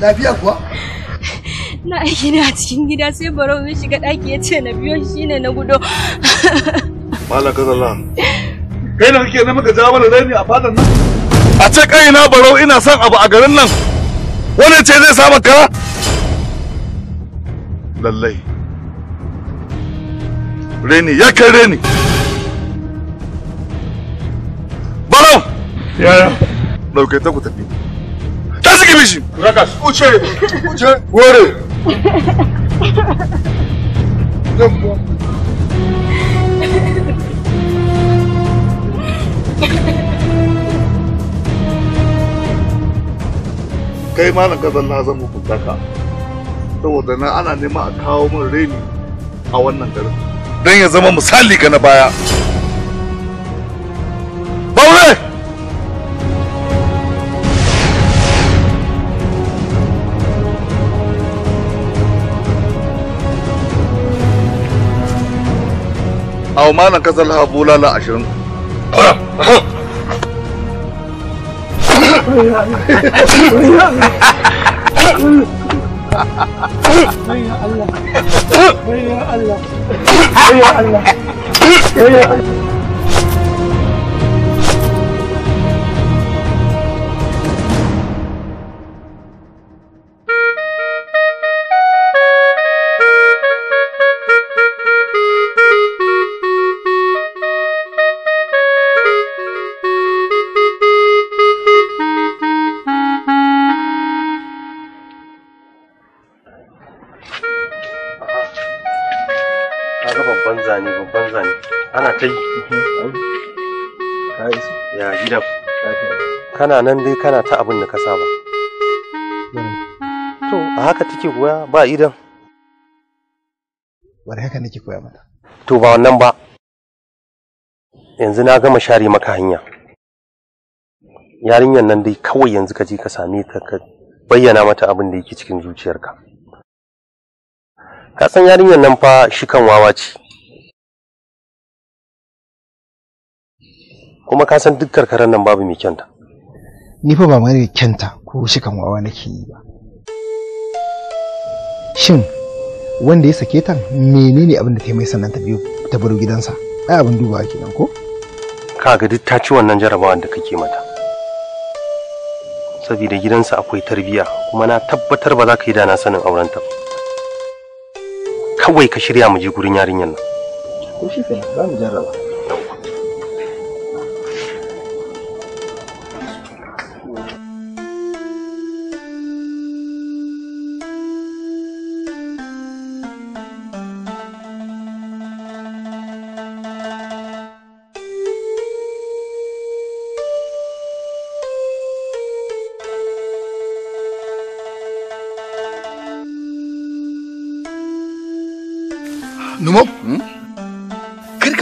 Lafiya kuwa? Na aiki ne a cikin gida sai baro zai shiga ɗaki ya ce na biyo shi ne na gudo. ka zala Kai na kake na ka jawo mana rani a fadan nan? A ce kai na baro ina son abu a garin nan. Wani ce zai samu kara? Lallai. Reni ya kai reni. baro Yaya? Ɗauke ta ku tafi. Kibishi. Rakas. Uche. Uche. Kai ma na kazan na zama hukuntaka. Saboda nan ana nema a kawo min reni a wannan garin. Don ya zama misali ga na baya. او ما نكزلها بولا لا عشرين يا الله يا Ya gida Kana nan dai kana ta abin da ka saba. To, a haka take koya ba idan. Wani haka nake koya mata. To, ba wannan ba. Yanzu na gama share maka hanya. Yarinyar nan dai kawai yanzu ka je ka same ta ka bayyana mata abin da yake cikin zuciyarka. Ka san yarinyar nan fa shi kan wawa ce. kuma ka san duk karkaran nan babu mai kyanta ni fa ba mai kyanta ko shi kan wawa nake yi ba shin wanda ya sake ta menene abin da ta yi mai sannan ta biyo ta baro gidansa ai abin duba ake nan, ko ga duk ta ci wannan jarabawar da kake mata saboda gidansa akwai tarbiyya, kuma na tabbatar ba za ka yi dana sanin aurenta ba kawai ka shirya mu je gurin yarinyar nan ko shi kenan za mu jarraba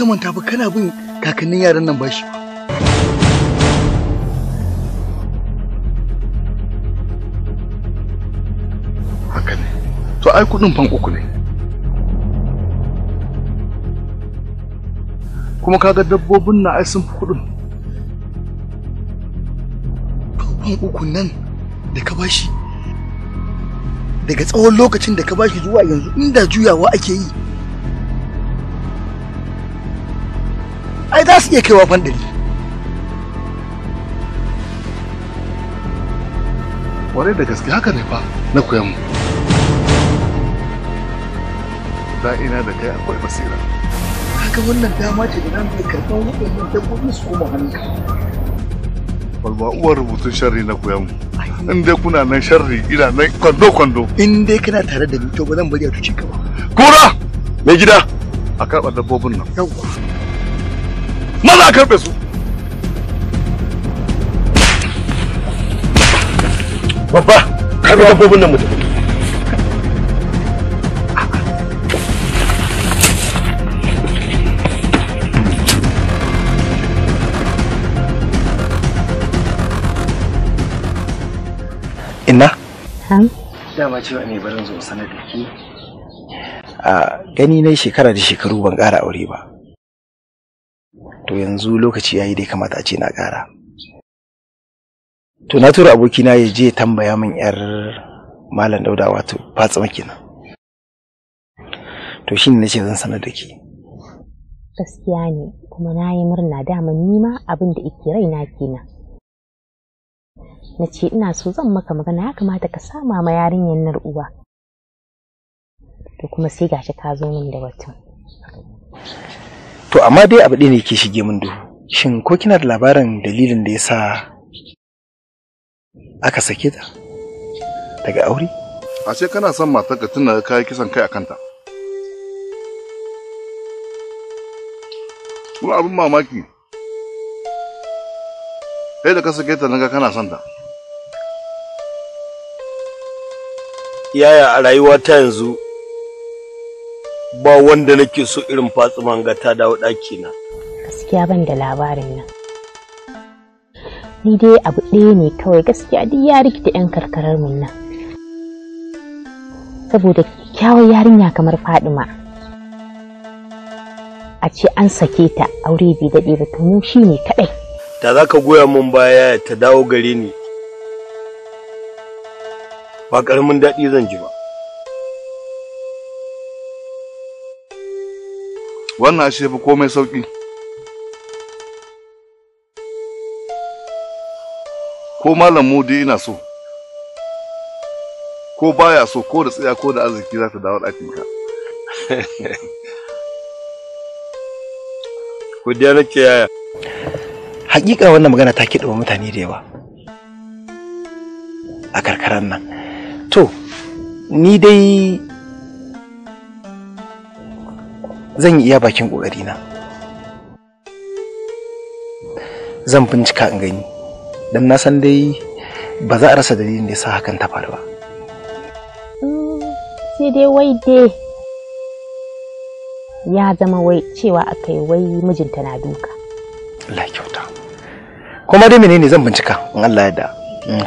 manta ba kana bin kakannin yaran nan bashi ba haka ne to ai kudin fan uku ne kuma kaga dabbobin na ai sun fi kudin to fan uku nan da ka bashi daga tsawon lokacin da ka bashi zuwa yanzu inda juyawa ake yi ai za su iya kaiwa fan kwarai da gaske haka ne fa na koyan mu da ina da kai akwai basira Haka wannan dama ce da nan bai karɓar waɗannan dabbobi su koma hannunka balba uwar rubutun sharri na koyan mu in dai kuna nan sharri ina nan kwando kwando in dai kana tare da ni to ba zan bari a tuce ka ba kura mai gida a karɓar dabbobin nan yawwa maza a karɓe su babba karɓe dabbobin nan mutum Inna? Hmm? Dama cewa ne barin zo sanar da ke. A gani na shekara da shekaru ban ƙara aure ba. yanzu lokaci yayi da ya kamata a ce na ƙara to na tura abokina ya je tambaya min yar malam dauda wato fatsima kenan to ne nace zan sanar da ke gaskiya ne kuma na yi murna dama nima abin da ike raina kenan na ce ina so zan maka magana ya kamata ka sama ma yarinyar nan uwa to kuma sai gashi ka zo min da batun to amma dai abu ɗaya ne ke shige min duhu shin ko kina da labarin dalilin da ya sa aka sake ta daga aure A ce kana son matar ka tuna kayi kisan kai a kanta kuma abin mamaki kai da ka sake ta naga kana son ta yaya a rayuwa ta yanzu ba wanda nake so irin fatsiman ga ta dawo ɗaki na gaskiya ban da labarin nan ni dai abu ɗaya ne kawai gaskiya duk ya rikita 'yan karkarar mun nan saboda kyawun yarinya kamar fadima a ce an sake ta aure bai daɗe ba to shi ne kaɗai da za ka goya mun baya ta dawo gare ni ba ƙaramin daɗi zan ji ba wannan ashe fi komai sauƙi ko malam mudi ina so ko baya so ko da tsaya ko da arziki za ta dawo ɗakinka ku na nake yaya hakika wannan magana ta kiɗa mutane da yawa a karkarar nan to ni dai zan yi iya bakin ƙoƙarina zan bincika in gani don na san dai ba za a rasa dalilin da ya sa hakan ta faru ba sai dai wai dai ya zama wai cewa aka yi wai mijinta na duka Allah kyauta kuma dai menene zan bincika in Allah ya da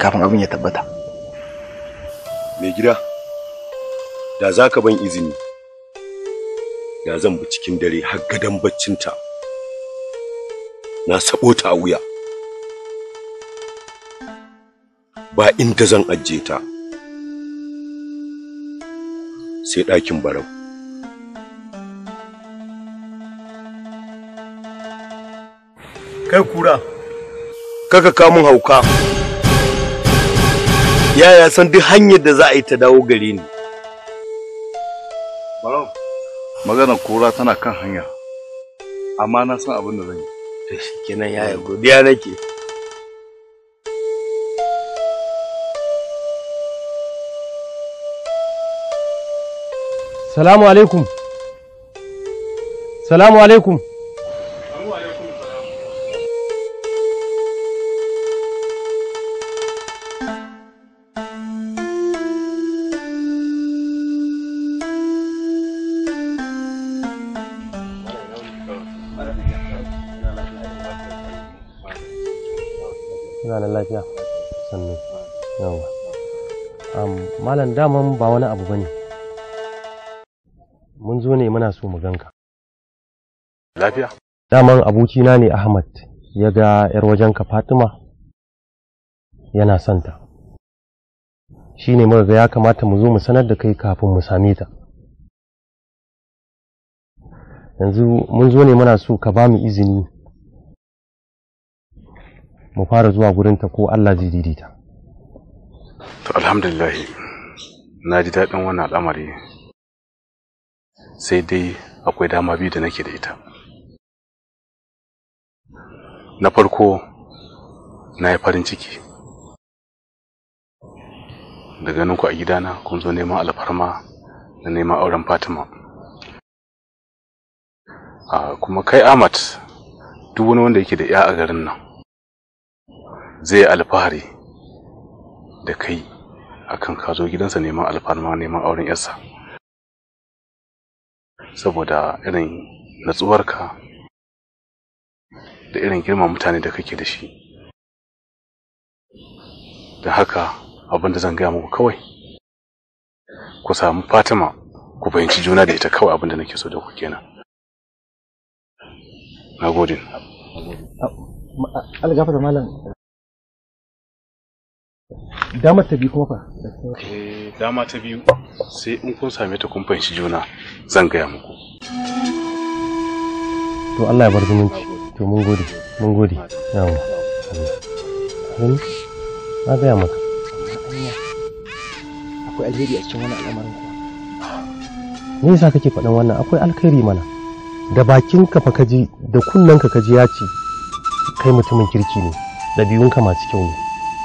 kafin abin ya tabbata mai gida da za ka ban izini ya zan bi cikin dare har gadon baccinta na sabo ta a wuya ba inda zan ajiye ta sai ɗakin barau kai kura kaka kamun hauka yaya san duk hanyar da za a yi ta dawo gare ni maganar kura tana kan hanya amma na san abin da zan yi to shikenan yaya godiya nake salamu alaikum salamu alaikum ba wani abu bane mun zo ne muna so mu ganka lafiya daman abokina ne ahmad ya ga yar wajenka fatima yana son ta shi ne muka ga ya kamata mu zo mu sanar da kai kafin mu same ta yanzu mun zo ne muna so ka ba mu izini mu fara zuwa gurinta ko allah zai daidaita to alhamdulillah na ji daɗin wannan al'amari sai dai akwai dama biyu da nake da ita na farko na yi farin ciki da ganin ku a gidana kun zo neman alfarma da neman auren fatima a kuma kai amat duk wani wanda yake da ya a garin nan zai alfahari da kai akan ka zo gidansa neman alfarma neman auren yarsa saboda irin natsuwarka da irin girma mutane da kake da shi da haka abin zan gaya muku kawai ku samu fatima ku fahimci juna da ita kawai abin nake so da ku kenan na gode malam Dama ta biyu kuma fa? Eh, dama ta biyu sai in kun same ta kun fahimci juna zan gaya muku. To Allah ya bar zumunci. To mun gode, mun gode. Yawa. Amin. Na gaya maka. Akwai alheri a cikin wani al'amarin ku Me yasa kake faɗin wannan? Akwai alkhairi mana. Da bakin ka fa kaji da kunnenka kaji ya ce kai mutumin kirki ne, da biyun ka masu kyau ne.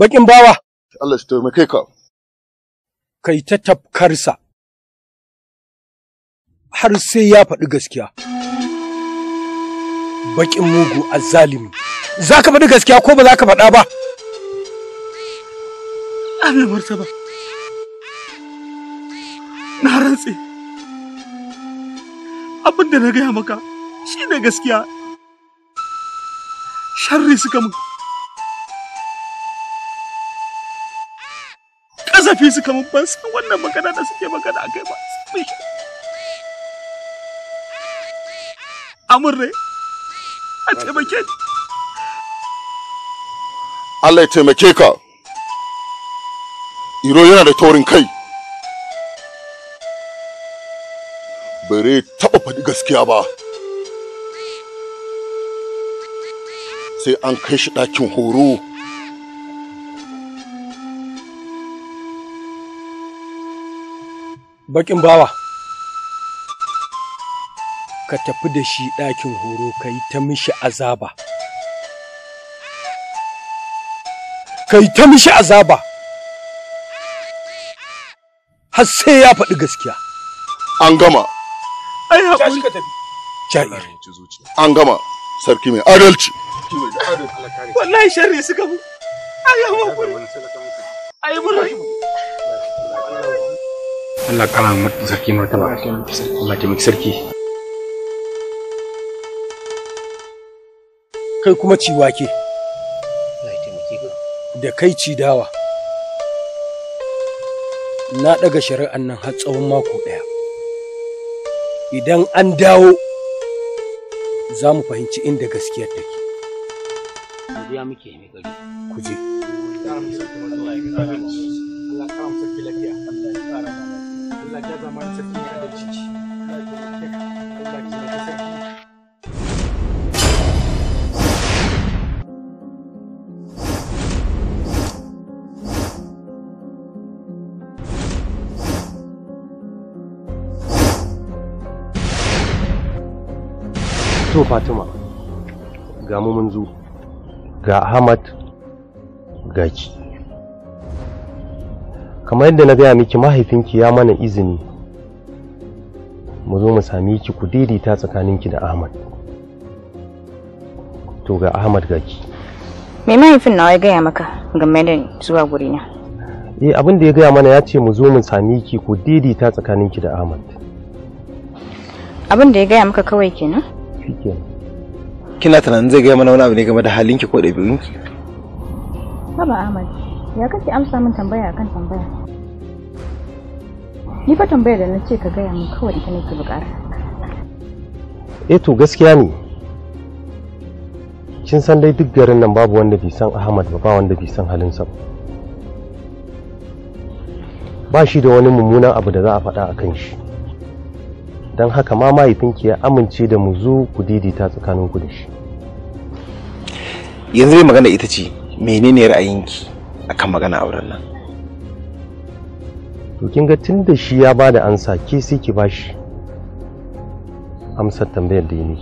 bakin bawa. Allah shi taimake ka. Kai ta tafkarsa, har sai ya faɗi gaskiya. Bakin mugu azzalimi, za ka faɗi gaskiya ko ba za ka faɗa ba? Allah martaba, na rantse, abin da na gaya maka shi ne gaskiya, sharri suka muku. zafi su kamar ban san wannan magana da suke magana kai ba amurre a taimake ni Allah ya taimake ka iro yana da taurin kai bare taɓa faɗi gaskiya ba sai an kai shi ɗakin horo Bakin bawa ka tafi da shi ɗakin horo ka yi ta mishi azaba ka yi ta mishi azaba har sai ya faɗi gaskiya an gama ai haƙuri an gama sarki mai adalci wallahi sharri suka mu ai mun rai Allah kara mata sarki martaba Allah ta miki sarki kai kuma ci wake Allah miki da kai ci dawa na daga shari'an nan har tsawon mako daya idan an dawo za mu fahimci inda gaskiyar take ya muke ne gari ku je Allah ka kara sarki lafiya Allah zama To Fatima, ga mun ga Ahmad, ga ki. kamar yadda na gaya miki mahaifinki ya mana izini mu zo mu sami ki ku daidaita tsakaninki da ahmad to ga ahmad gaki me mahaifin nawa ya gaya maka game da zuwa na eh abin da ya gaya mana ya ce mu zo mu sami ki ku daidaita tsakaninki da ahmad abin da ya gaya maka kawai kenan shikenan kina tunanin zai gaya mana wani abu ne game da halinki ko ɗabi'unki Baba Ahmad, ya kake amsa min tambaya akan tambaya ni fa tambayar da nace ce ka gaya min kawai ita nake bukata eh to gaskiya ne kin san dai duk garin nan babu wanda bai san Ahmad ba ba wanda bai san halinsa ba ba shi da wani mummunan abu da za a faɗa a kan shi don haka ma mahaifinki ya amince da mu zo ku daidaita ku da shi yanzu dai magana ita ce menene ra'ayinki akan magana auren nan to kin ga da shi ya ba da ansa ke sai ki bashi amsar tambayar da yi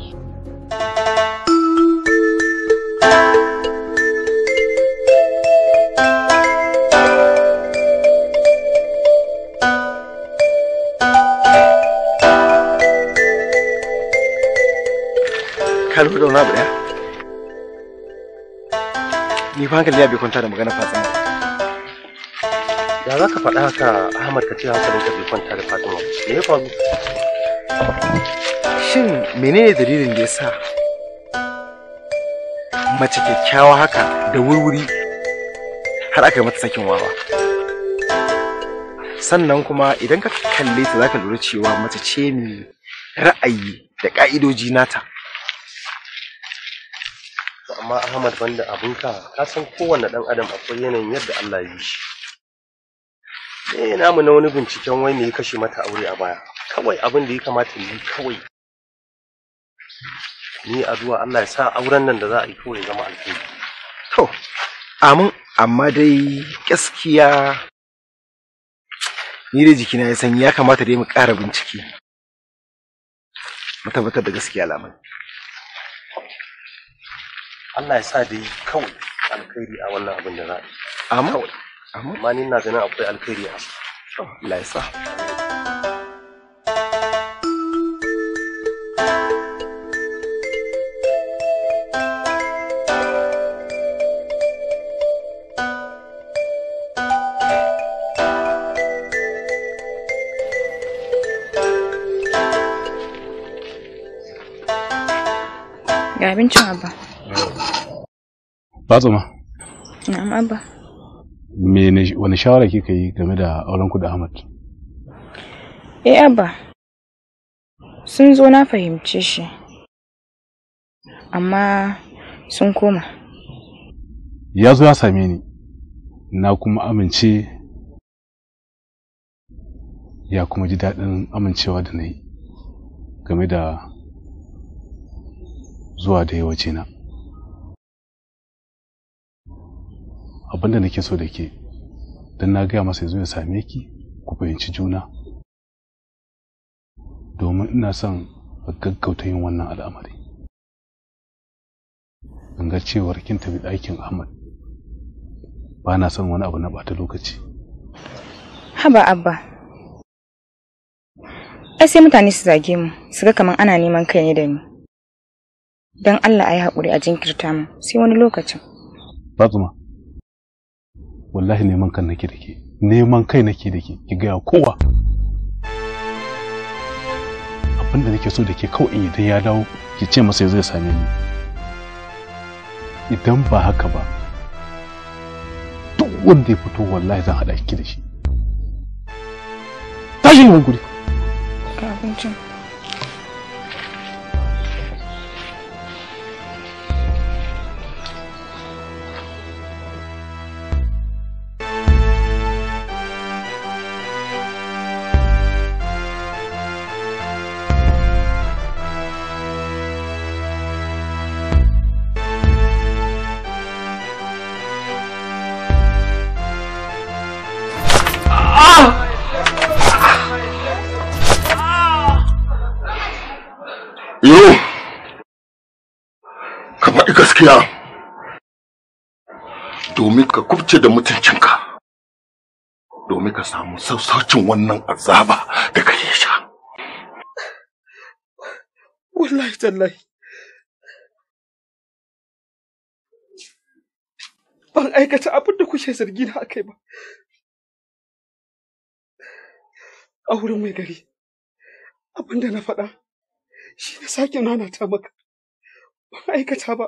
ka lura da wani abu Ni fa hankali ya bai kwanta da magana fatima. ya za ka faɗa haka ahmad ka ce hankalin ka bai kwanta da fatima me ya faru shin menene dalilin da ya sa mace kyakkyawa haka da wurwuri har aka mata sakin wawa sannan kuma idan ka kalle ta ka lura cewa mace ce mai ra'ayi da ka'idoji nata amma Ahmad banda abinka ka san kowanne ɗan adam akwai yanayin yadda Allah ya yi shi eh namu na wani binciken wai me ya kashe mata aure a baya kawai abin da ya kamata ni kawai ni addu'a Allah ya sa auren nan da za a yi kawai zama alheri to amin amma dai gaskiya ni da jikina ya san ya kamata dai mu ƙara bincike mu tabbatar da gaskiya lamar Allah ya sa dai kawai alkhairi a wannan abin da za a yi amma amma ni na ganin akwai alkhairi a Allah ya sa Ga abincin abba. Fatima. Na'am abba. wani shawara kika yi game da auren ku da Ahmad? Eh Abba, sun zo na fahimce shi, amma sun koma. Ya zo ya same ni, na kuma amince ya kuma ji daɗin amincewa da na yi game da zuwa da yawace na. abin da nake so da ke don na gaya masa ya ya same ki ku fahimci juna domin ina son gaggauta yin wannan al'amari in ga cewar kin tafi ɗakin ahmad ba na son wani abu na ɓata lokaci haba abba ai sai mutane su zage mu su ga kamar ana neman kai ne da ni don allah a yi haƙuri a jinkirta mu sai wani lokacin wallahi neman kan nake da ke neman kai nake da ke ki gaya kowa abin da nake so da ke kawai idan ya dawo ki ce masa zai same ni idan ba haka ba duk wanda ya fito wallahi zan haɗa ki da shi tashi ne wani guri abincin gaskiya domin ka kubce da mutuncinka domin ka samu sassaucin wannan azaba da ka yi sha. Wallahi tallahi. Ban aikata abin da kuke zargi na akai ba. A wurin mai gari, abin da na faɗa shi na sake ta maka. Ban aikata ba.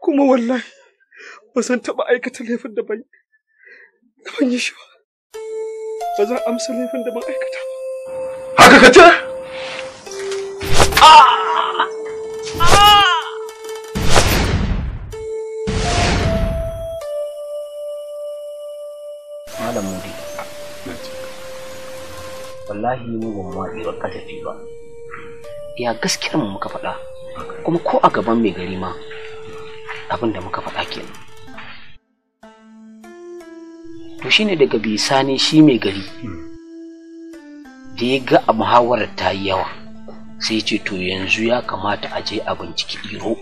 kuma wallahi ba zan taɓa aikata laifin da ban yi shi ba. Ba zan amsa laifin da ban aikata ba. Haka ka ce? Malam Mudi. Wallahi mu ba mu ba ka tafi ba. Ya gaskiyar mu muka faɗa. Kuma ko a gaban mai gari ma abin da muka faɗa kenan to shine daga bisani shi mai gari da ya ga a muhawarar ta yi yawa sai ce to yanzu ya kamata a je a binciki iro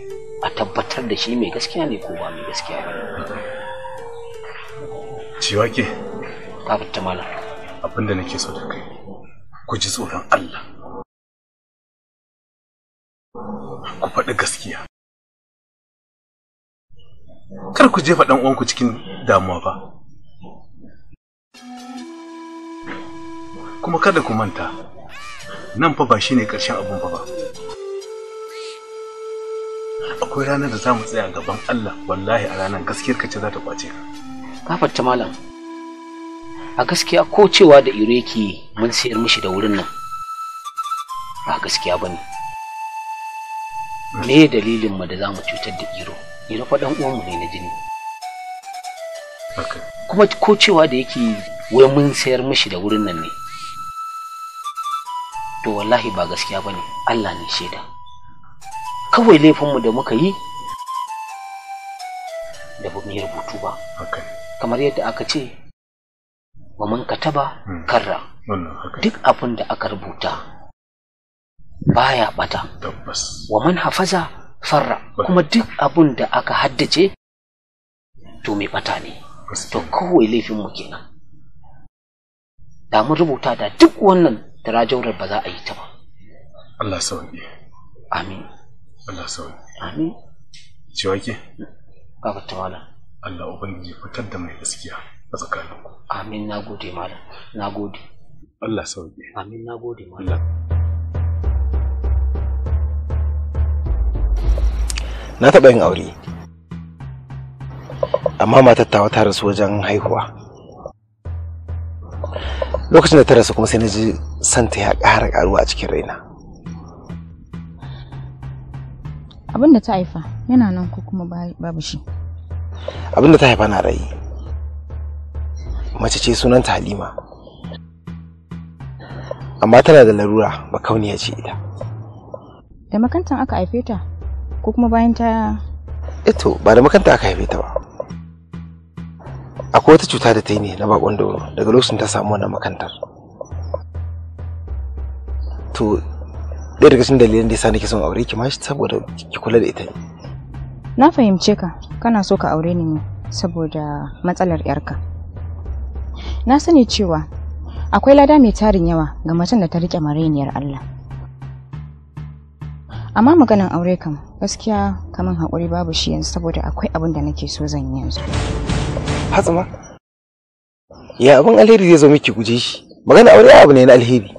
a tabbatar da shi mai gaskiya ne ko ba mai gaskiya ba ciwa ke ta malam abin da nake so da kai ku ji tsoron Allah ku faɗi gaskiya kar ku jefa dan uwanku cikin damuwa ba. kuma kada ku manta nan fa ba shine karshen abun fa ba akwai ranar da za mu tsaya gaban Allah wallahi a ranar gaskiyar kace za ta kwace ka kafarta malam a gaskiya ko cewa da iro yake mun sayar mishi da wurin nan ba gaskiya bane me dalilin mu da za mu cutar da iro ira fa dan mu ne na jini kuma ko cewa da yake wai mun sayar mishi da wurin nan ne to wallahi ba gaskiya bane Allah ne shaida kawai laifin mu da muka yi da bu mai rubutu ba kamar yadda aka ce wa mun kataba hmm. karra duk abin da aka rubuta baya bata wa man hafaza farra kuma duk abun da aka haddace to mai bata ne to kawai laifin mu kenan da mun rubuta da duk wannan tarajaurar ba za a yi ta ba Allah sauki amin Allah sauki amin ciwa ke baba tawala Allah ubangiji fitar da mai gaskiya a tsakaninku amin nagode malam nagode Allah sauki amin nagode malam na taɓa yin aure amma matar tawa ta rasu wajen haihuwa lokacin da ta rasu kuma sai na ji santa ya ƙara ƙaruwa a cikin raina abin da ta haifa yana nan ko kuma babu shi abin da ta haifa na rai mace ce sunanta halima amma tana da larura ba ya ce ita da makantan aka haife ta ko kuma bayan ta to ba da makanta aka haife ta ba akwai wata cuta da ta yi ne na bakon da daga lokacin ta samu wannan makantar to ɗaya daga cikin dalilan da yasa nake son aure ki ma saboda ki kula da ita ne na fahimce ka kana so ka aure ni saboda matsalar yarka na sani cewa akwai lada mai tarin yawa ga macen da ta rike marainiyar Allah amma maganan aure kam gaskiya kamar haƙuri babu shi yanzu saboda akwai abin da nake so zan yi yanzu hatsama ya abin alheri zai zo miki guje shi magana aure abu ne na alheri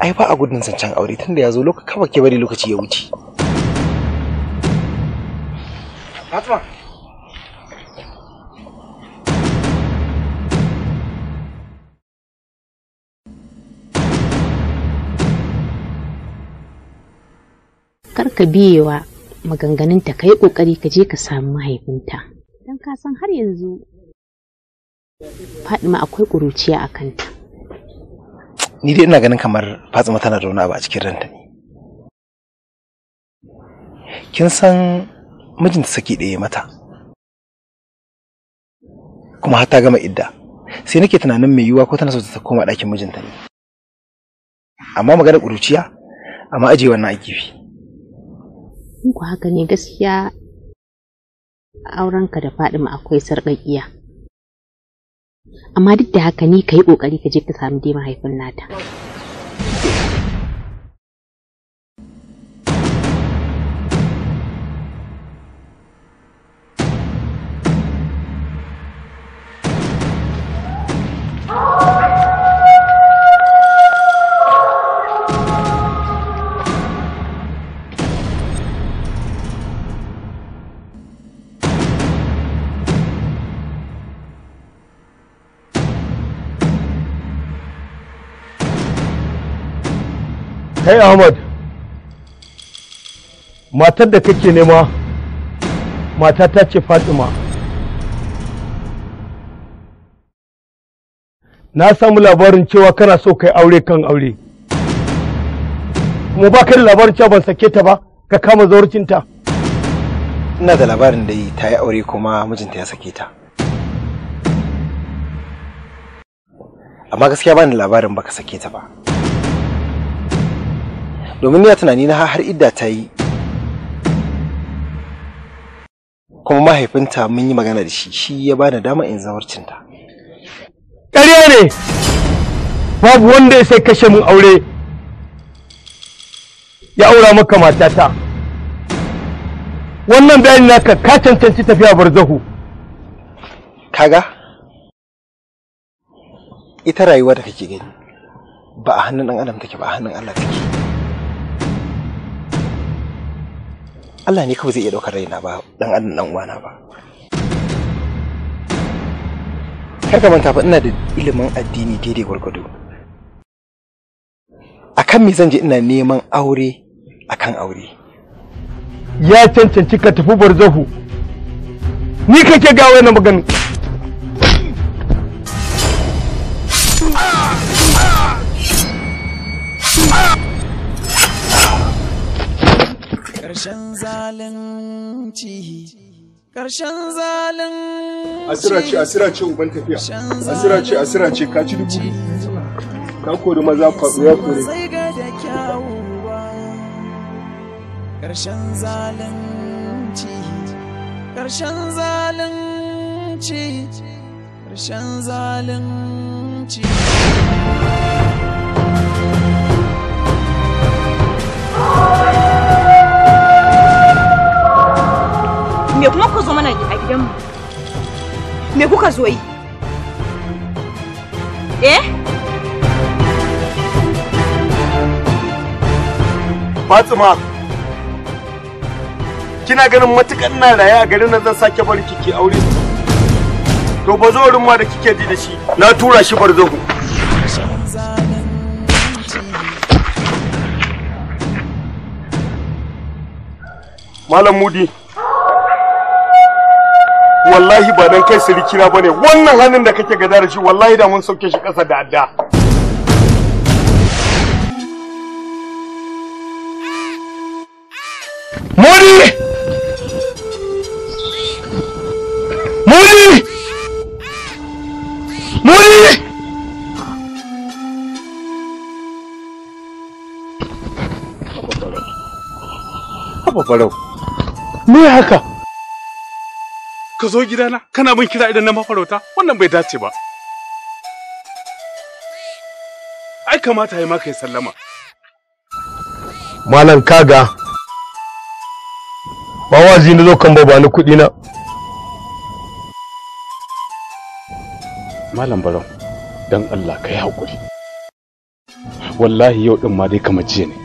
ai ba a gudun zancen aure tunda ya zo lokaci kawai ke bari lokaci ya wuce kar ka biyewa maganganunta ka yi ƙoƙari ka je ka samu mahaifinta don ka san har yanzu Fadima akwai kuruciya a kanta. Ni dai ina ganin kamar Fatima tana da wani abu a cikin ranta ne. Kin san mijinta saki ɗaya mata. Kuma har ta gama idda. Sai nake tunanin mai yiwuwa ko tana so ta koma ɗakin mijinta ne. Amma maganar ƙuruciya, amma aje wannan a kifi. in ku haka ne gaskiya aurenka da ma akwai sarƙaƙiya. Amma duk da haka ni ka yi ƙoƙari ka je ka samu dai mahaifin nata. Kai Ahmad, matar da kake nema, mata ta ce Fatima. Na samu labarin cewa kana so kai aure kan aure. Kuma ba ka da labarin cewa ban sake ta ba, ka kama zaurcinta. Ina da labarin da yi ta yi aure kuma mijinta ya sake ta. Amma gaskiya ba ni labarin ka sake ta ba. domin ni tunani na har idda ta yi kuma mahaifinta mun yi magana da shi shi ya bani dama in zawarcinta ƙarya ne babu wanda ya sai kashe mun aure ya aura maka matata wannan bayani naka ka cancanci tafiya barzahu kaga ita rayuwa da kake gani ba a hannun ɗan adam take ba a hannun Allah take Allah ne kawai zai iya ɗaukar raina ba dan adam dan uwana ba kar ka manta ina da ilimin addini daidai gwargwado akan me zan je ina neman aure akan aure ya cancanci ka tafi barzahu ni kake ga wannan magana ƙarshen zalunci ƙarshen zalunci asira ce asira ce uban tafiya asira ce asira ce ka ci dubu ka kori maza faɗo ya kore ƙarshen zalunci ƙarshen zalunci ƙarshen zalunci Oh! me kuma kuka zo mana a gidanmu me kuka zo yi eh Fatima kina ganin matukan na raye a garin nan zan sake bari kike aure to bazorin ma da kike ji da shi na tura shi bar zo malam mudi wallahi ba dan kai siriki na bane wannan hannun da kake gada da shi wallahi da mun sauke shi ƙasa da adda Mori! Mori! Mori! Haba farau. Me haka? ka zo gidana kana bin kira idan na mafarauta wannan bai dace ba ai kamata ya maka ya sallama malam kaga ba wazi na zo kan ba ni kuɗi na malam barau don allah ka yi haƙuri wallahi yau ɗin ma dai kamar jiya ne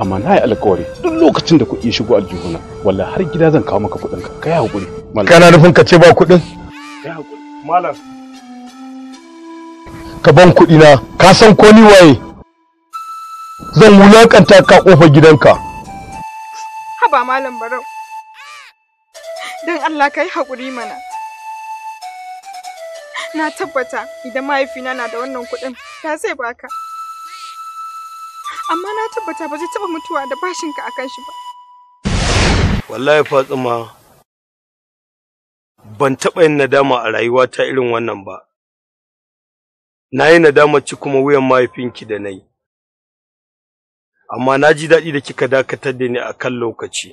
amma na yi alkawari duk lokacin da kuɗi ya shigo aljihuna wallahi har gida zan kawo maka kuɗin ka kai hakuri kana nufin ka ce ba kuɗin kai hakuri malam ka ban kuɗi na ka san ko ni waye zan wulakanta ka kofa gidanka haba malam barau dan Allah ka yi haƙuri mana na tabbata idan mahaifina na da wannan kuɗin ta sai baka amma na tabbata ba zai taba mutuwa da bashinka akan shi ba wallahi fatima ban taɓa yin nadama a rayuwata irin wannan ba na yi nadama ci kuma wuyan mahaifinki da na yi amma na ji daɗi da kika dakatar da ni a kan lokaci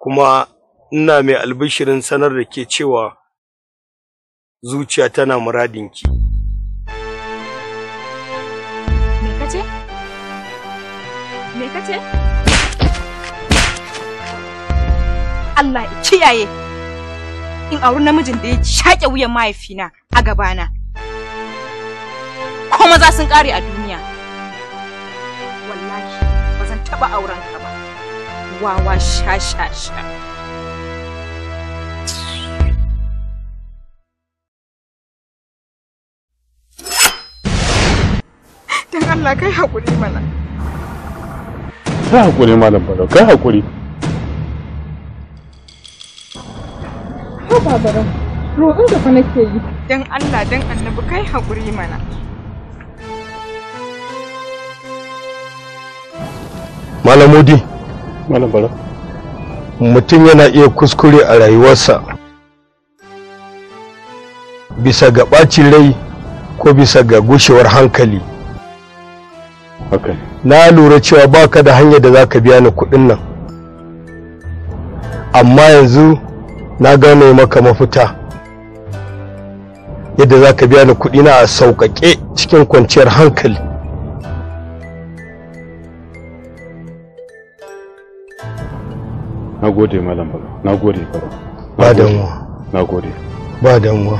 kuma ina mai albishirin sanar da ke cewa zuciya tana muradin ki Allah kiyaye in auri namijin da ya shaƙe wuyan mahaifina a gabana ko maza sun ƙare a duniya wallahi ba zan taɓa auren ka ba wawa sha sha sha Allah kai haƙuri mana. ka haƙuri malam bala ka haƙuri ka ba barau roƙon da fa nake yi dan Allah dan annabi kai haƙuri mana malam malam barau mutum yana iya kuskure a rayuwarsa bisa ga ɓacin rai ko bisa ga gushewar hankali na lura cewa baka da hanyar da za ka biya ni kuɗin nan amma yanzu na gane maka mafita yadda za ka biya ni kuɗi na a sauƙaƙe cikin kwanciyar hankali na gode malam na gode ba damuwa ba damuwa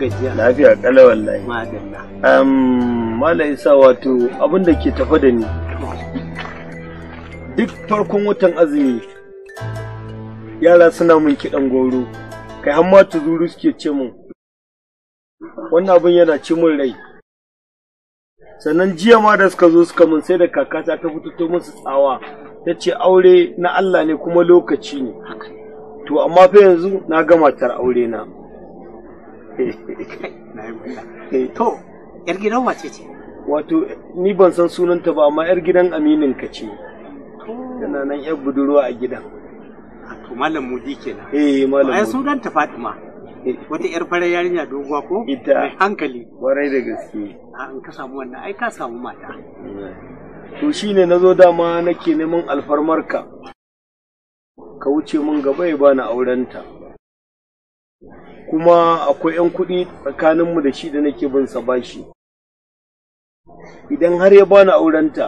gajiya lafiya kala wallahi um mala isa wato abin da ke tafa da ni duk farkon watan azumi yara suna mun kiɗan goro kai har ma zuru suke ce min wannan abin yana ci mun rai sannan jiya ma da suka zo suka mun sai da kakata ta fito musu tsawa ta ce aure na Allah ne kuma lokaci ne to amma fa yanzu na ga matar aure na to yar gidan wace ce wato ni ban san sunanta ba amma yar gidan aminin ka ce tana nan yar budurwa a gidan ah, to malam mudi kenan eh malam ai sunanta fatima eh. wata yar fara yarinya doguwa ko ita hankali warai da gaske a ah, in ka samu wannan ai ka samu mata to shine nazo dama nake neman alfarmarka ka wuce mun gaba ya bani aurenta kuma akwai 'yan kuɗi tsakaninmu da shi da nake bin sa bashi idan har ya bani aurenta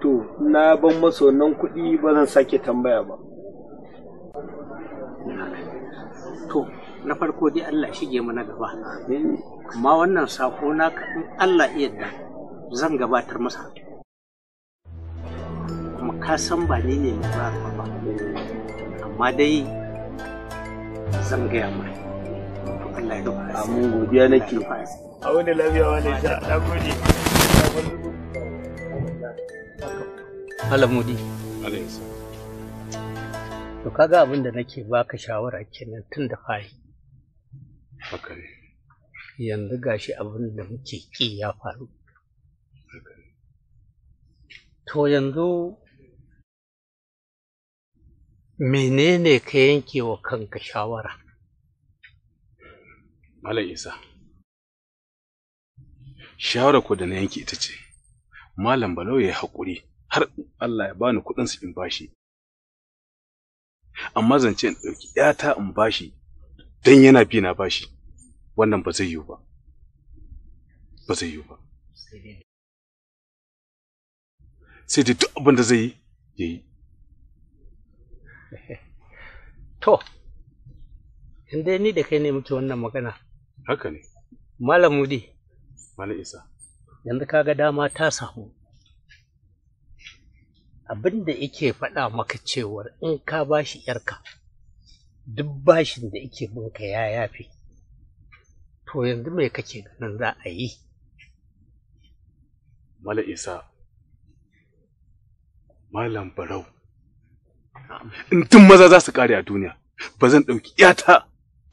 to na ban masa wannan kuɗi ba zan sake tambaya ba to na farko dai Allah shige mana gaba amma wannan sako na in Allah yadda zan gabatar masa kuma ka san ba ne ne ba amma dai zan gaya mai Ka ga godiya nake lafiya wani sha na gode Alamudi. To kaga abin da nake baka shawara kenan tun da fari. Yanzu gashi abin da muke ki ya faru. To yanzu menene ka yanke wa kanka shawara? Malam Isa, shawarar ko da na yanke ita ce, Malam Balau ya hakuri har Allah ya bani su in bashi. Amma zance in ɗauki ‘yata in bashi don yana bi na bashi, wannan ba zai yiwu ba. Ba zai yiwu ba. Sai dai duk abin da zai yi, ya yi. To, in dai ni da kai ne muke wannan magana. haka ne malam mudi malam isa yanzu kaga dama ta samu abin da yake faɗa maka cewar in ka ba shi yarka duk bashin da yake binka ya yafe to yanzu me kake ganin za a yi mala isa malam barau in tun maza za su kare a duniya ba zan ɗauki yata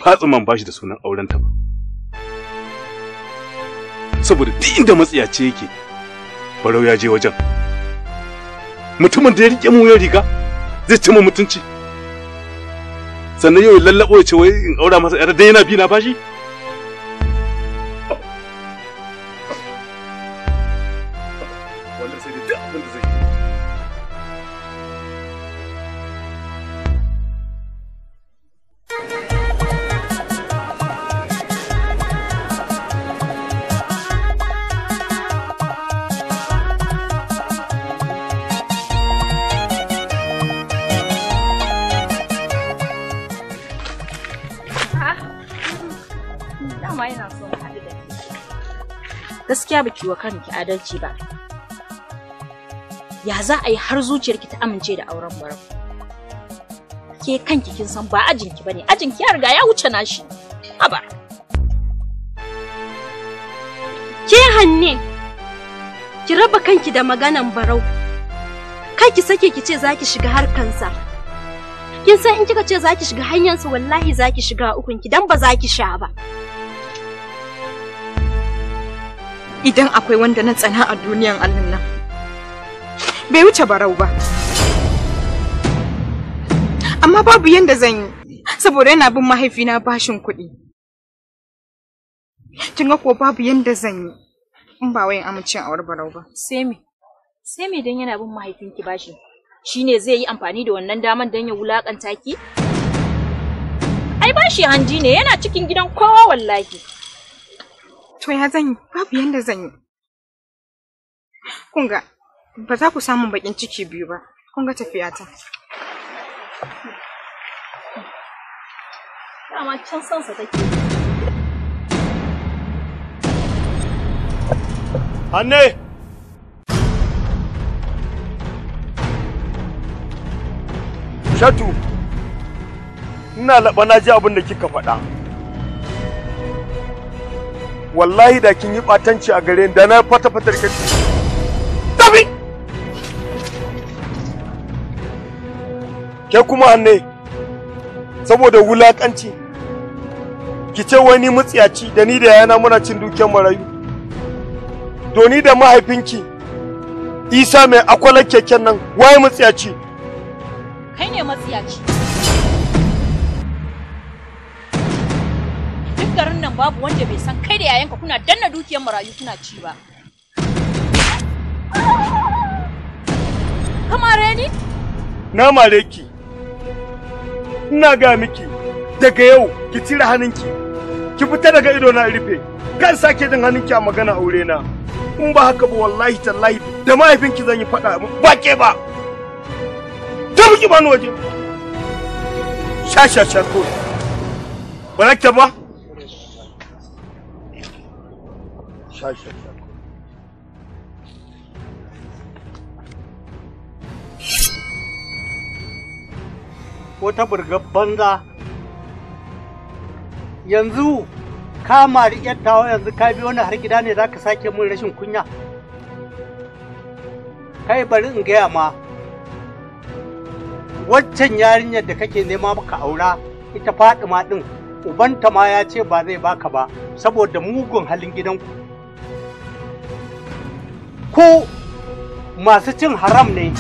fatsiman bashi da sunan aurenta ba saboda duk inda matsiyaci yake barau ya je wajen mutumin da ya rike mu ya riga zai ci mutunci sannan yau lallabo ya ce wai in aura masa yar dai yana bi na bashi gaskiya baki wa kanki adalci ba ya za a yi har ki ta amince da auren barau ke kanki kin san ba ajinki bane ajinki ya riga ya wuce nashi haba ke hanne ki raba kanki da maganan barau kai ki sake ki ce zaki shiga harkansa kin san in kika ce zaki shiga hanyarsa wallahi zaki shiga ukun ki dan ba zaki sha ba idan akwai wanda na tsana a duniyan Allah nan bai wuce barau ba amma babu yanda zan yi saboda yana bin mahaifina bashin kuɗi kin ga ko babu yanda zan yi in ba wayan amincin awar barau ba sai me sai me dan yana bin mahaifinki bashin shine zai yi amfani da wannan daman dan ya wulakanta ki ai bashi hanji ne yana cikin gidan kowa wallahi To ya zan yi babu yanda zan yi. Kunga ba za ku samun bakin ciki biyu ba. Kunga ta. Dama can sansa take. Anne! Shatu, ina laɓa na ji abin da kika faɗa. wallahi da kin yi batanci a gare da na fata fata da kace ke kuma anne saboda wulakanci ki ce wani mutsiyaci da ni da yana muna cin dukiyar marayu to ni da mahaifinki isa mai akwalar keken nan wai mutsiyaci kai ne mutsiyaci garin nan babu wanda bai san kai da yayanka kuna danna dukiyar marayu kuna ci ba. Kamare ni? Na mare ki. Ina ga miki daga yau ki cire hannunki. Ki fita daga ido na rufe. Kan sake jin hannunki a magana aure na. In ba haka ba wallahi tallahi da mahaifinki zan yi faɗa ba ke ba. Ta ki bani waje. Sha sha sha ko. Ba ba? sha wata burgar banza yanzu ka mari tawa yanzu ka bi wani har gida ne za ka sake mun rashin kunya kai bari in gaya ma waccan yarinyar da kake nema maka aura ita faɗi ma ɗin ubanta ma ya ce ba zai baka ba saboda mugun halin gidanku Ko masu cin haram ne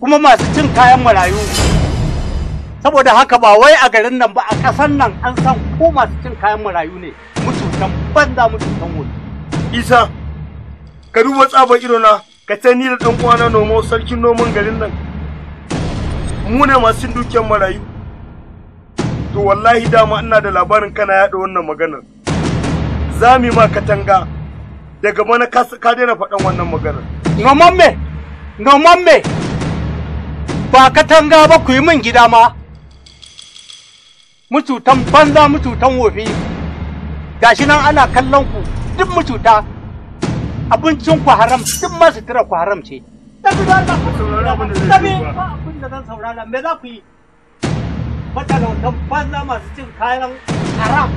kuma masu cin kayan marayu saboda haka ba wai a garin nan ba a ƙasan nan an san ko masu cin kayan marayu ne can banza can wuri isa ka duba tsabar na ka ce ni da ɗan uwana nomo sarkin noman garin nan mu ne masu cin dukiyar marayu to wallahi dama ina da labarin kana yaɗa wannan maganar za mu ma katanga daga mana ka daina faɗan wannan maganar noman me noman me ba katanga ba ku yi min gida ma mututan banza mututan wofi gashi nan ana kallon ku duk mututa abincin ku haram duk masu sutura ku haram ce tafi da za ku tafi ba abin da zan saurara me za ku yi da wata banza masu cin kayan haram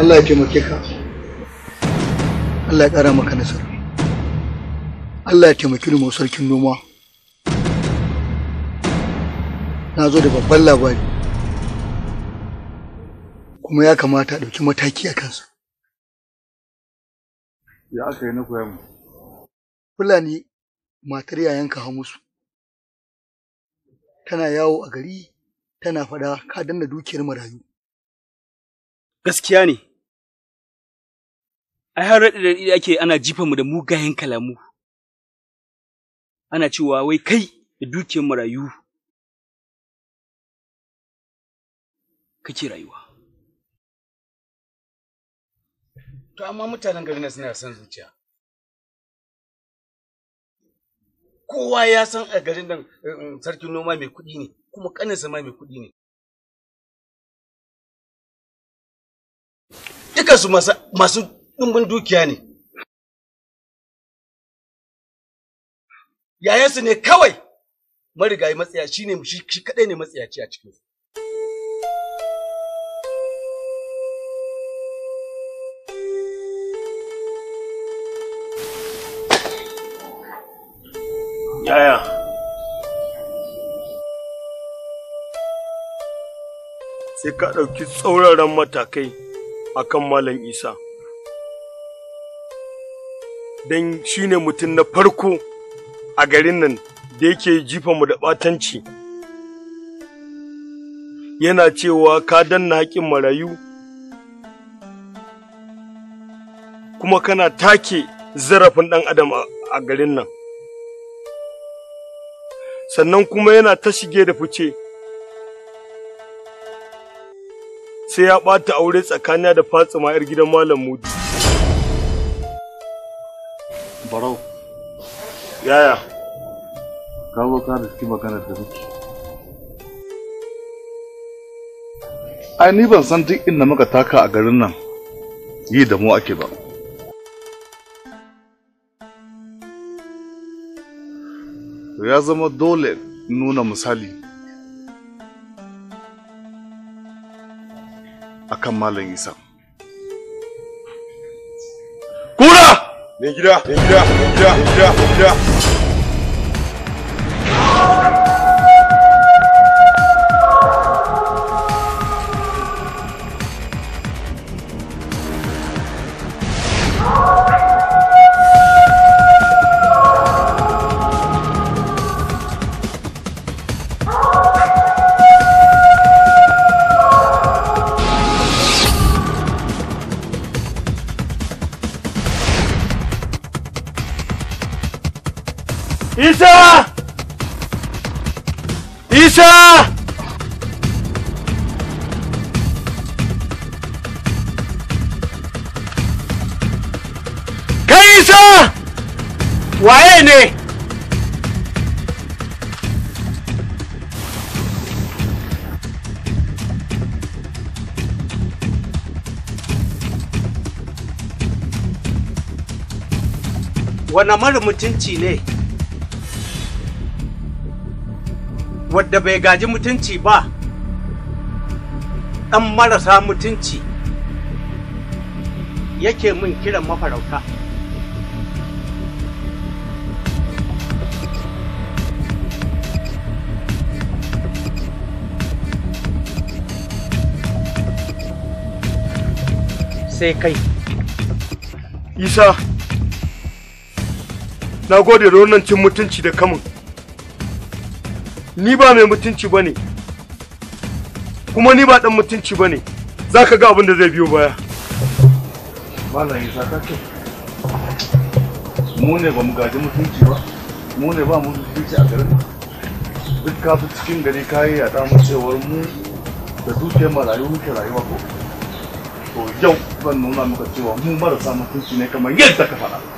Allah ya taimake ka Allah ya ƙara maka nasara Allah ya taimaki mu sarkin noma na zo da babban labari kuma ya kamata a ɗauki mataki a kansa ya aka yi na koya mu Fulani matar yayanka Hamusu tana yawo a gari tana faɗa ka danna dukiyar marayu. Gaskiya ne, ai har da da ake ana jifa mu da mugayen kalamu ana cewa wai kai da dukiyar marayu kake rayuwa to amma mutanen garin suna san zuciya kowa ya san a garin nan eh, eh, sarkin noma mai kuɗi ne kuma ƙaninsa ma mai kuɗi ne su masu ɗumbin dukiya ne. Yayansu ne kawai marigayi matsaya shi ne shi kaɗai ne matsayaci a cikin Yaya. Sai ka ɗauki tsauraran matakai akan Malam Isa. don shi ne mutum na farko a garin nan da yake mu da ɓatanci yana cewa ka danna haƙin marayu kuma kana take zarafin ɗan adam a garin nan sannan kuma yana ta shige da fice sai ya ɓata aure tsakaniya da fatsima 'yar gidan malam Mudi. barau yaya ka zo ka da maganar da muke ai ni ban san duk inda muka taka a garin nan yi da mu ake ba ya zama dole nuna misali akan malam isa 邻居啊！邻居啊！邻居啊！邻居啊！wani mara mutunci ne wadda bai gaji mutunci ba ɗan marasa mutunci yake min kiran mafarauta sai kai isa na gode da wannan cin mutunci da kamun ni ba mai mutunci ba ne kuma ni ba dan mutunci ba ne za ka ga abin da zai biyo baya mu ne ba mu gaji mutunci ba mu ne ba mu mutunci a garin duk fi cikin gari kayi ya damu cewar mu da dukiyar marayu muke rayuwa ko to yau ban nuna muka cewa mu marasa mutunci ne kamar yadda ka faɗa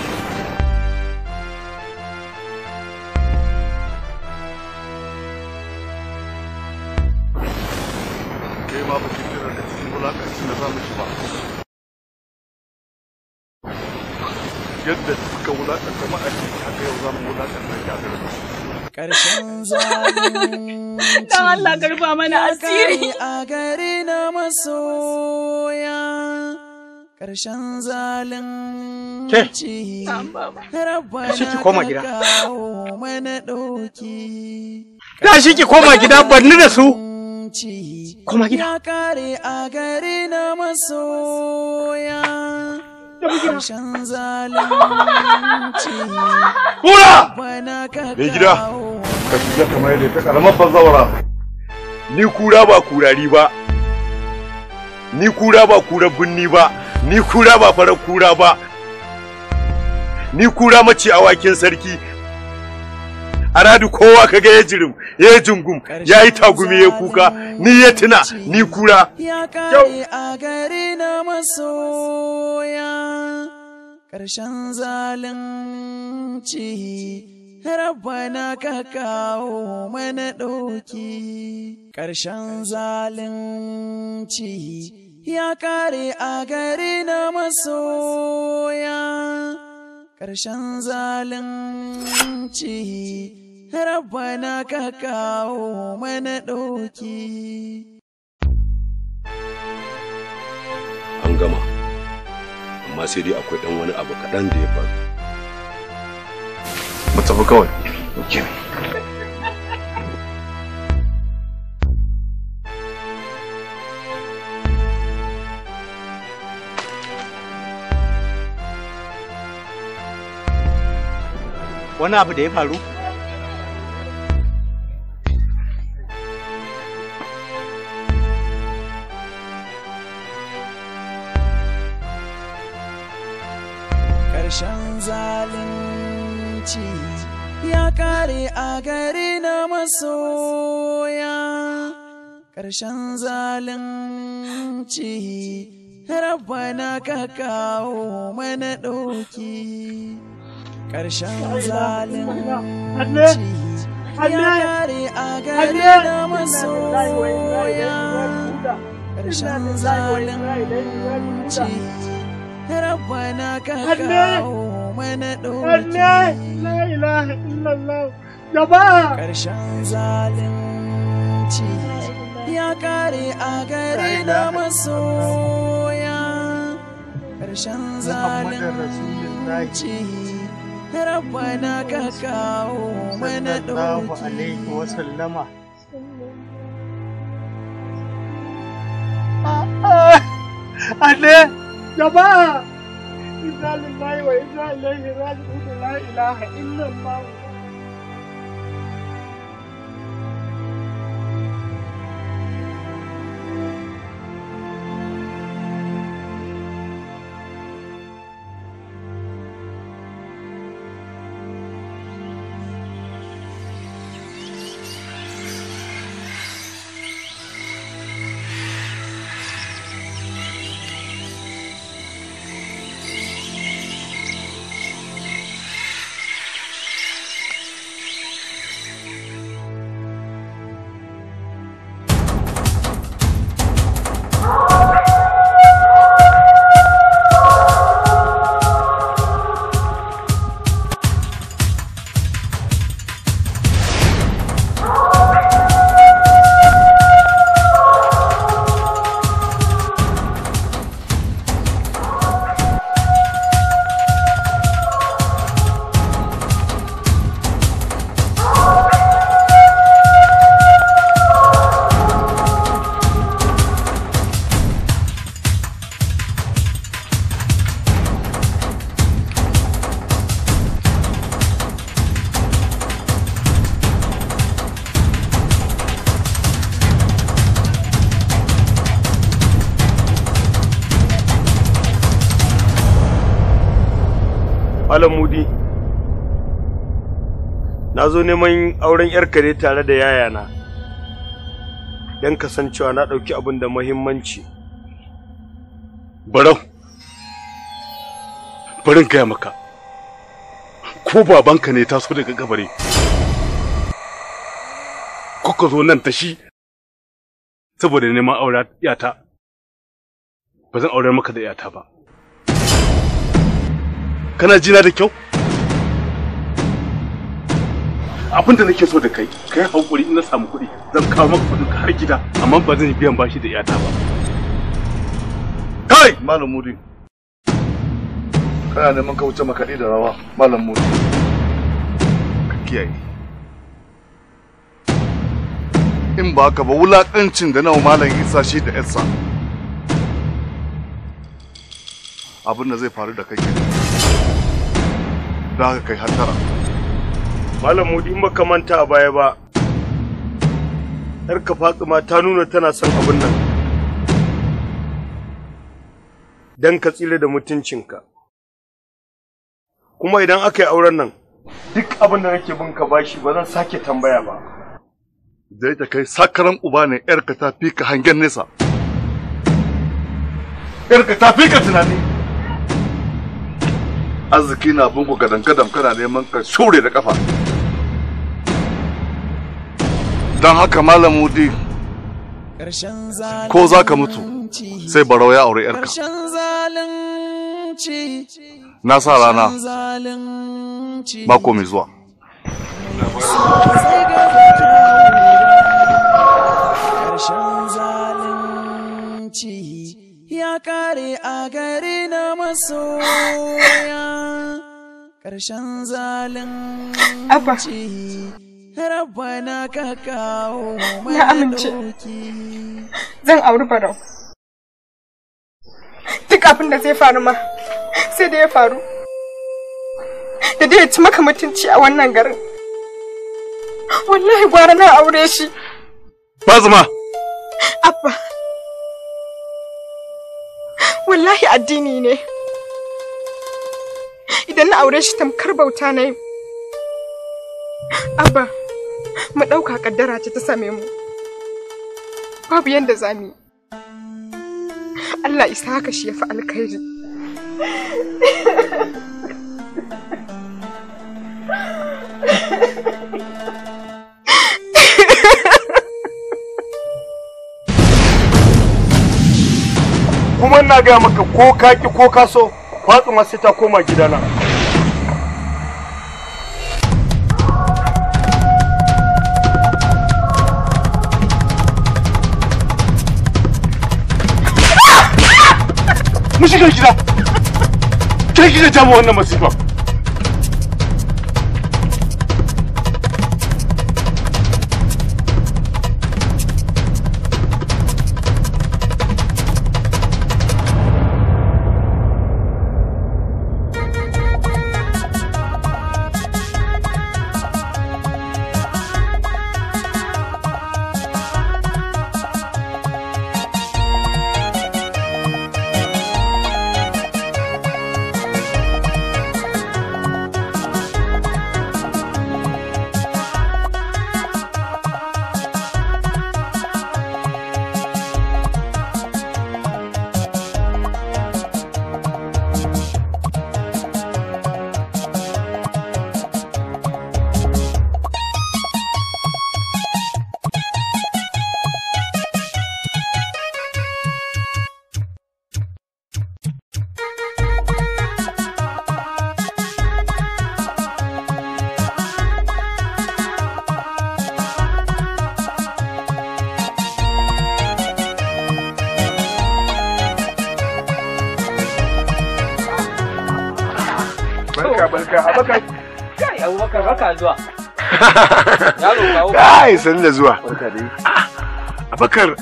a ciki haka yau za mu ƙarshen zalunci. A gari na masoya. Ƙarshen zalunci. na koma gida. mana ɗauki. ki koma gida da su. Koma kare a gari na masoya. Kura! Mai gida, ka shiga kamar yadda ta karamar bazawara. Ni kura ba kurari ba, ni kura ba kura binni ba, ni kura ba farar kura ba, ni kura mace a awakin sarki, aradu kowa kaga ya jirim ya jingum ya tagumi ya kuka ni ya tuna ni kura yau a gari na masoya ƙarshen zalunci Rabbana ka kawo mana ɗauki ƙarshen zalunci ya kare a gari na masoya ƙarshen zalunci rabbana ka kawo mana ɗauki. An gama, amma sai dai akwai ɗan wani abu kaɗan da ya faru. Mu tafi kawai. Okay. wani abu da ya faru ƙarshen zalunci ya kare a gari na masoya ƙarshen zalunci rabba na kawo mana ɗauki ƙarshen zalunci ya kare a gari da masoya ƙarshen zalunci rabbana ka kawo mana ɗauki ƙarshen zalunci ya kare a gari da masoya ƙarshen zalunci rabbana ka kawo mana ɗauki alaihi wasallama Ale, jama'a, inna lillahi wa inna ilaihi raji'un la ilaha illallah. na zo neman auren yarka ne tare da yayana don cewa na ɗauki abin da muhimmanci barau barin gaya maka ko babanka ne taso daga gabare kuka zo nan ta shi saboda neman aure yata ba zan aure maka da yata ba kana jina da kyau abin da nake so da kai kai hankuri in na samu kuɗi zan kawo maka kuɗin ka har gida amma ba zan biyan bashi da iyata ba kai malam mudi kana neman ka wuce makaɗi da rawa malam mudi ka kiyaye in ba ka ba wulaƙancin da nawa malam isa shi da yarsa abin da zai faru da kai da haka kai hatara Malam Mudi in baka manta a baya ba. Yarka Fatima ta nuna tana son abin nan. Dan ka tsira da mutuncinka. Kuma idan aka yi auren nan, duk abin da nake bin ka bashi ba zan sake tambaya ba. Zai ta kai sakaran uba ne yarka ta fi ka hangen nesa. Yarka ta fi ka tunani. arziki na bunku gadan gadan kana neman ka shure da kafa don haka malam wudi ko za ka mutu sai barau ya aure yarka na sa rana mako mai zuwa ya kare a gari na masoya ƙarshen zalunci na ka kawo mana Zan auri barau. Duk abin da zai faru ma, sai da ya faru. Da dai ci maka mutunci a wannan garin. Wallahi gwara na aure shi. Bazuma. Abba. Wallahi addini ne. Idan na aure shi tamkar bauta na yi. Abba. mu ɗauka ƙaddara ce ta same mu babu yadda za mu yi Allah isa haka shi ya fi alkhairi kuma ina gaya maka ko ka ko ka so fatsuma ta koma gidana. mu shiga gida ke jamu wannan masifa Kai san da zuwa. Ah, Abakar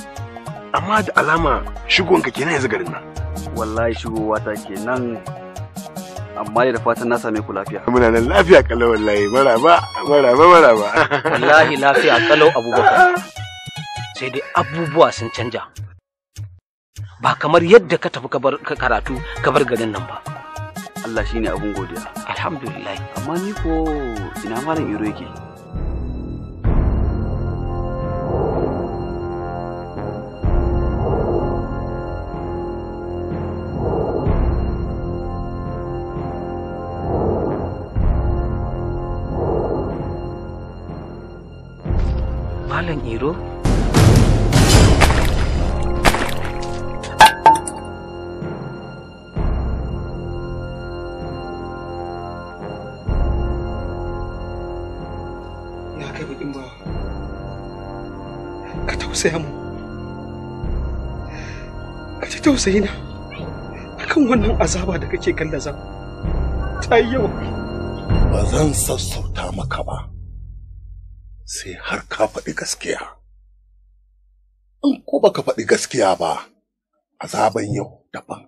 amma da alama shigon ka kenan yanzu garin nan. Wallahi shigowa ta kenan amma da fatan na same ku lafiya. Muna nan lafiya kalau wallahi maraba maraba maraba. Wallahi lafiya kalau Abubakar. Ah. Sai dai abubuwa sun canja. Ba kamar yadda ka tafi ka karatu ka bar garin nan ba. Allah shine abun godiya. Alhamdulillah. Amma ni ko ina malam Iro yake? tausaya mu tausayi na kan wannan azaba da kake gallaza ta yi yawa ba zan sassauta maka ba sai har ka faɗi gaskiya in ko baka faɗi gaskiya ba azaban yau daban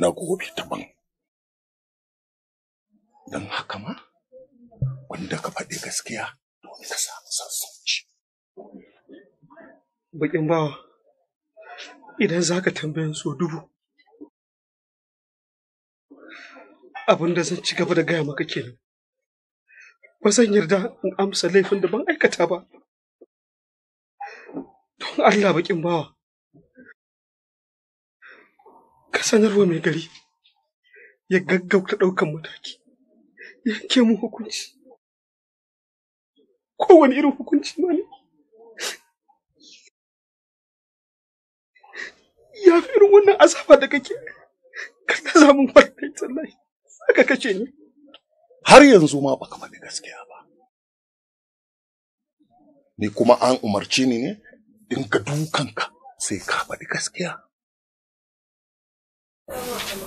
na gobe daban don haka ma wanda ka faɗi gaskiya domin ka samu sassauci Bakin bawa idan za ka tambayan so dubu abin da zan ci gaba da gaya maka kenan ba zan yarda in amsa laifin da ban aikata ba don allah bakin bawa ka sanarwa mai gari ya gaggauta ɗaukan mataki yanke mu hukunci kowane irin hukunci ma ne ya fi irin wannan azaba da kake kan tallahi aka kace ni har yanzu ma baka faɗi gaskiya ba ni kuma an umarci ni ne in ka dukanka sai ka faɗi gaskiya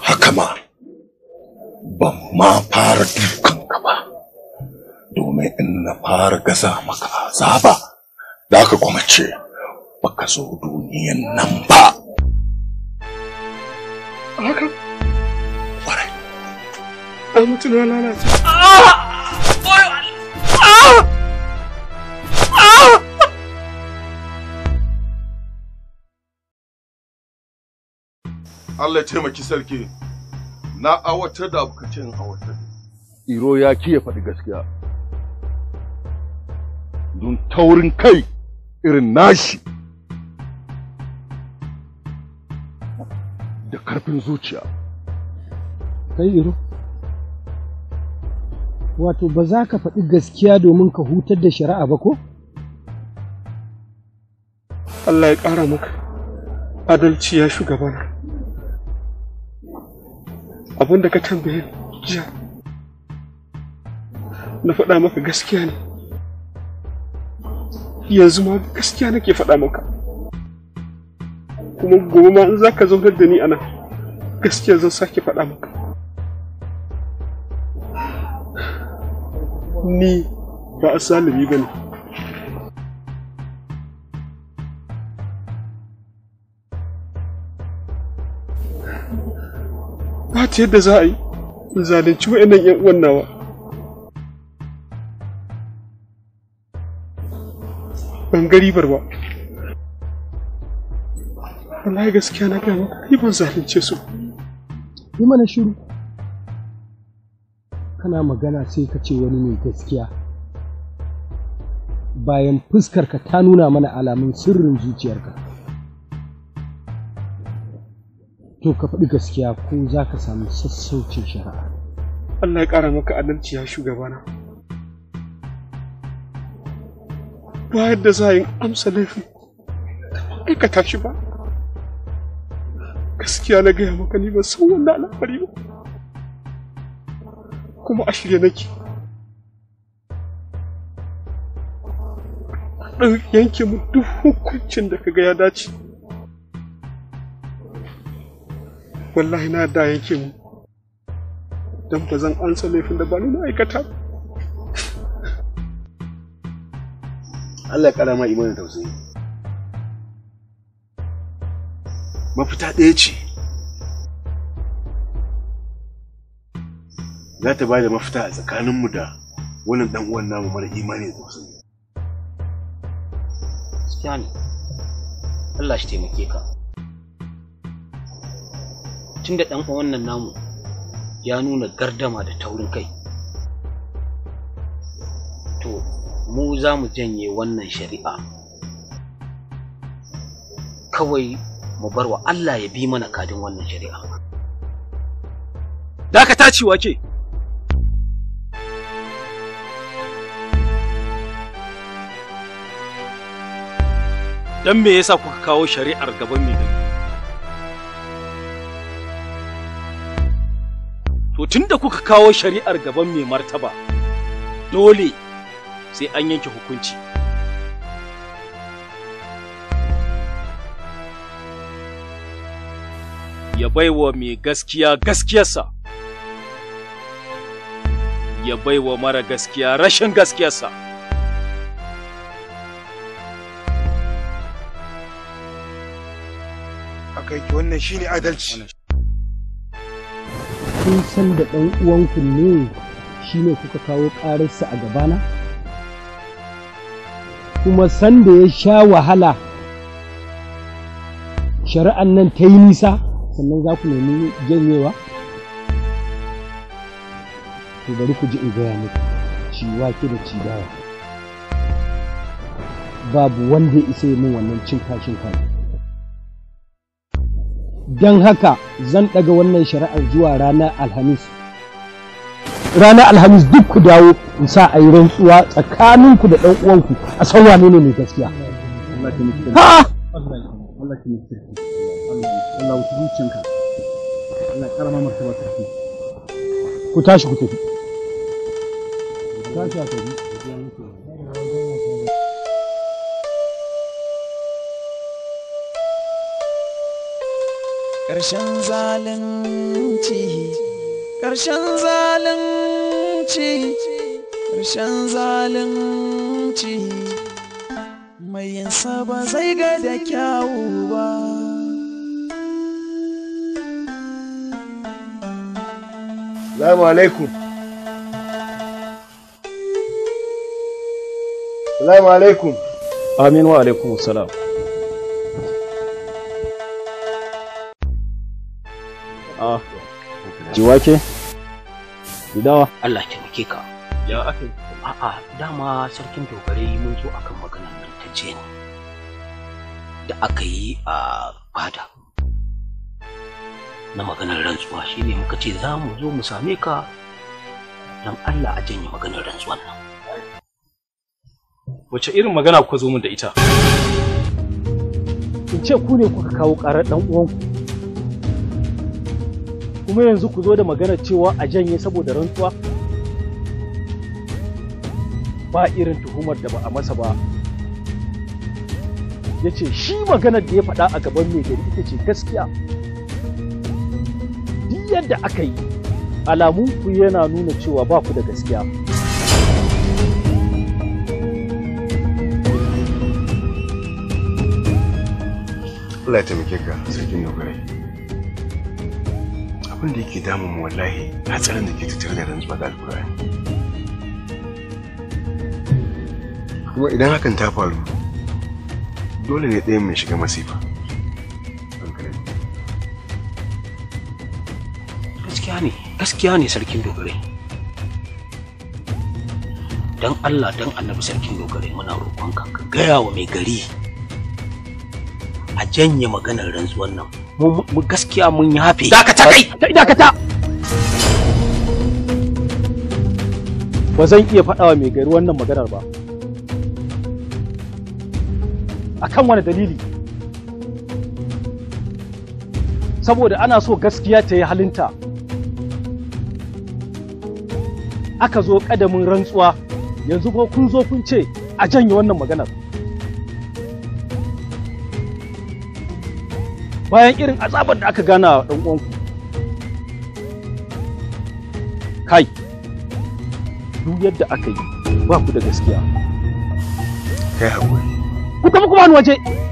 haka ma ban ma fara dukanka ba domin in na fara gasa maka azaba da ka kuma ce baka zo duniyan nan ba haka kwarai mutu na Allah ya taimaki sarki na awatar da abokacin awatar. Iro ya kiye faɗi gaskiya. Don taurin kai irin nashi. da karfin zuciya kai iro wato ba za ka faɗi gaskiya domin ka hutar da shari'a ba ko Allah ya ƙara maka adalci ya shugabana abin da ka tambaye jiya na faɗa maka gaskiya ne yanzu ma gaskiya nake faɗa maka kuma gobe ma in za ka zaunar da ni a nan gaskiya zan sake faɗa maka ni ba a salami ba ne ba ta yadda za a yi in zalunci wa'annan 'yan uwan nawa ban gari ba wallahi gaskiya na gaya gama ni ban zalunce su yi mana shiru kana magana sai ka ce wani mai gaskiya bayan fuskarka ta nuna mana alamun sirrin zuciyarka to ka faɗi gaskiya ko za ka samu sassaucin shari'a Allah ya ƙara maka adalci ya shugabana ba yadda za a yi amsa laifin ba aikata shi ba gaskiya na gaya maka ni ba san wannan al'amari ba kuma a shirye nake ɗan yanke mu duk hukuncin da ka ga dace wallahi na da yake mu don ba zan ansa laifin da ba ni na aikata Allah ya kara ma imanin tausayi mafita ɗaya ce za ta ba da mafita a tsakaninmu da wannan ɗan uwan namu mara imani da tausayi Sufyan Allah shi taimake ka tun da ɗan uwan nan namu ya nuna gardama da taurin kai to mu za mu janye wannan shari'a kawai mu bar wa Allah ya bi mana kadin wannan shari'a Daka tacewa ke dan me yasa kuka kawo shari'ar gaban mai gari to tunda kuka kawo shari'ar gaban mai martaba dole sai an yanke hukunci ya baiwa mai gaskiya gaskiyarsa ya baiwa mara gaskiya rashin gaskiyarsa Akaiki wannan shi ne adalci kun san da ɗan uwanku ne shine kuka kawo ƙararsa a gabana kuma san da ya sha wahala shari'an nan ta yi nisa sannan za ku nemi janyewa Ku bari ku ji in gaya muku ci wake da ci babu wanda ya isa yi min wannan cin kashin kan don haka zan ɗaga wannan shari'ar zuwa ranar alhamis ranar alhamis duk ku dawo in sa a yi rantsuwa tsakaninku da ɗan uwanku a sauwa ne ne mai gaskiya ha Allah ki mai sarki Allah wuce zuciyanka Allah karama martaba sarki ku tashi ku tafi ku tashi a tafi Ƙarshen zalunci, ƙarshen zalunci, ƙarshen zalunci. mai ba zai ga da kyawu ba Salamu alaikum Salamu alaikum Amin wa alaikum salam Ah, jiwake? Gidawa? Allah ya taimake ka. Ya ake? A'a, dama sarkin dogare mun zo akan maganar zalunce ni da aka yi a fada na maganar rantsuwa shi ne muka ce za mu zo mu same ka don Allah a janye maganar rantsuwan nan. Wace irin magana kuka zo mun da ita? In ce ku ne kuka kawo ƙarar ɗan uwanku. Kuma yanzu ku zo da magana cewa a janye saboda rantsuwa? Ba irin tuhumar da ba a masa ba ya ce shi maganar da ya faɗa a gaban mai gari ita ce gaskiya duk yadda aka yi alamunku yana nuna cewa ba ku da gaskiya Allah ya taimake ka sarkin dogare abin da yake damun wallahi wallahi tsarin da ke tattare da rantsuwa da alkurai kuma idan hakan ta faru dole ne ɗayan mai shiga masifa gaskiya ne gaskiya ne sarkin dogare don allah don annabi sarkin dogare muna roƙon ka gaya wa mai gari a janye maganar rantsuwan nan mu gaskiya mun yi hafi. dakata kai dakata ba zan iya faɗawa mai gari wannan maganar ba a kan wani dalili saboda ana so gaskiya ta yi halinta aka zo ƙadamin rantsuwa yanzu ko kun zo kun ce a janye wannan magana bayan irin azabar da aka gana ɗan uwanku kai duk yadda aka yi ba ku da gaskiya kai haƙuri ku muku kuma wani waje